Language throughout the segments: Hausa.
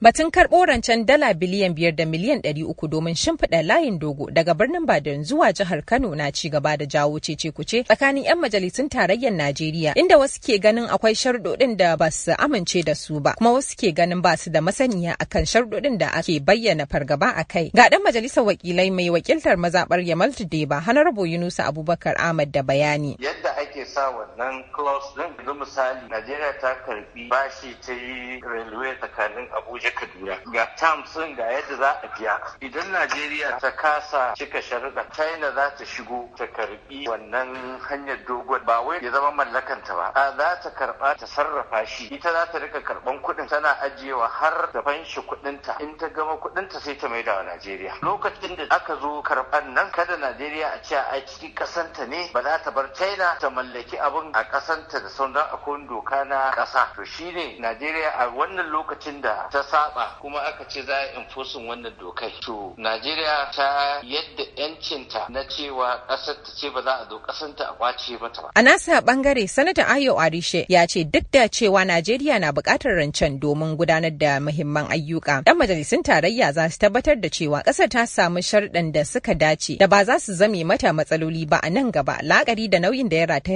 Batun karɓo rancen dala biliyan biyar da miliyan ɗari uku domin shimfiɗa layin dogo daga birnin Badon zuwa jihar Kano na ci gaba da jawo cece kuce tsakanin 'yan majalisun tarayyar Najeriya inda wasu ke ganin akwai sharɗoɗin da ba su amince da su ba kuma wasu ke ganin ba su da masaniya akan sharɗoɗin da ake bayyana fargaba a kai. Ga ɗan majalisar wakilai mai wakiltar mazaɓar Yamal Tudeba Hanarabo Yunusa Abubakar Ahmad da bayani. ake sa wannan clause din yanzu misali Najeriya ta karbi bashi ta yi railway tsakanin Abuja Kaduna ga terms din ga yadda za a biya idan Najeriya ta kasa cika sharuɗa China za ta shigo ta karbi wannan hanyar dogon ba wai ya zama mallakanta ba a za ta karba ta sarrafa shi ita za ta rika karban kuɗin tana ajiyewa har da fanshi ta in ta gama kuɗinta sai ta maida wa Najeriya lokacin da aka zo karban nan kada Najeriya a ce a cikin kasanta ne ba za ta bar China ta mallaka mallaki abin a kasanta da sauran akwai doka na kasa to shine Najeriya a wannan lokacin da ta saba kuma aka ce za a enforcing wannan dokai to Najeriya ta yadda yancinta na cewa kasar ta ce ba za a zo kasanta a kwace mata ba a nasa bangare sanata Ayo Arishe ya ce duk da cewa Najeriya na bukatar rancen domin gudanar da muhimman ayyuka dan majalisun tarayya za su tabbatar da cewa kasar ta samu sharɗan da suka dace da ba za su zame mata matsaloli ba a nan gaba la'akari da nauyin da ya rataya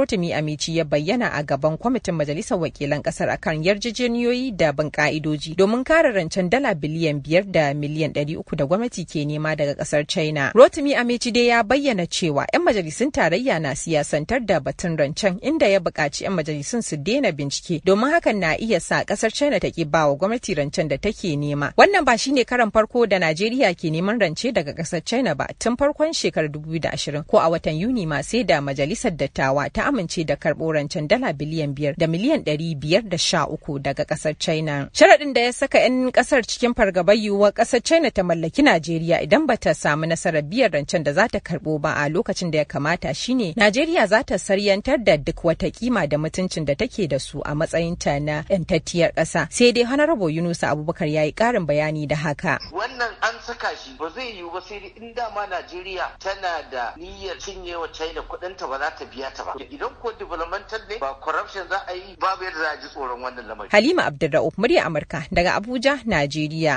Rotimi Amici ya bayyana a gaban kwamitin Majalisar Wakilan Kasar akan yarjejeniyoyi da bin ka'idoji domin kare rancen dala biliyan biyar da miliyan ɗari uku da gwamnati ke nema daga kasar China. Rotimi Amici dai ya bayyana cewa 'yan majalisun tarayya na siyasantar da batun rancen inda ya buƙaci 'yan majalisun su daina bincike domin hakan na iya sa kasar China ta ki bawa gwamnati rancen da take nema. Wannan ba shine karan farko da Najeriya ke neman rance daga kasar China ba tun farkon shekarar 2020 ko a watan Yuni ma sai da majalisar dattawa ta ta amince da karɓo rancen dala biliyan biyar da miliyan ɗari biyar da sha uku daga ƙasar China. Sharaɗin da ya saka 'yan ƙasar cikin fargabar yiwuwar ƙasar China ta mallaki Najeriya idan ba ta samu nasarar biyar rancen da za ta karɓo ba a lokacin da ya kamata shine Najeriya za ta saryantar da duk wata kima da mutuncin da take da su a matsayin ta na tattiyar ƙasa. Sai dai Honorable Yunusa Abubakar ya yi ƙarin bayani da haka. Wannan an saka shi ba zai yiwu ba sai in dama Najeriya tana da niyyar cinye wa China kuɗinta ba za ta biya ta ba. idan ko developmental ne ba corruption za a yi babu yadda za a ji tsoron wannan lamarin. Halima Abdulra'uf murya Amurka daga Abuja, Najeriya.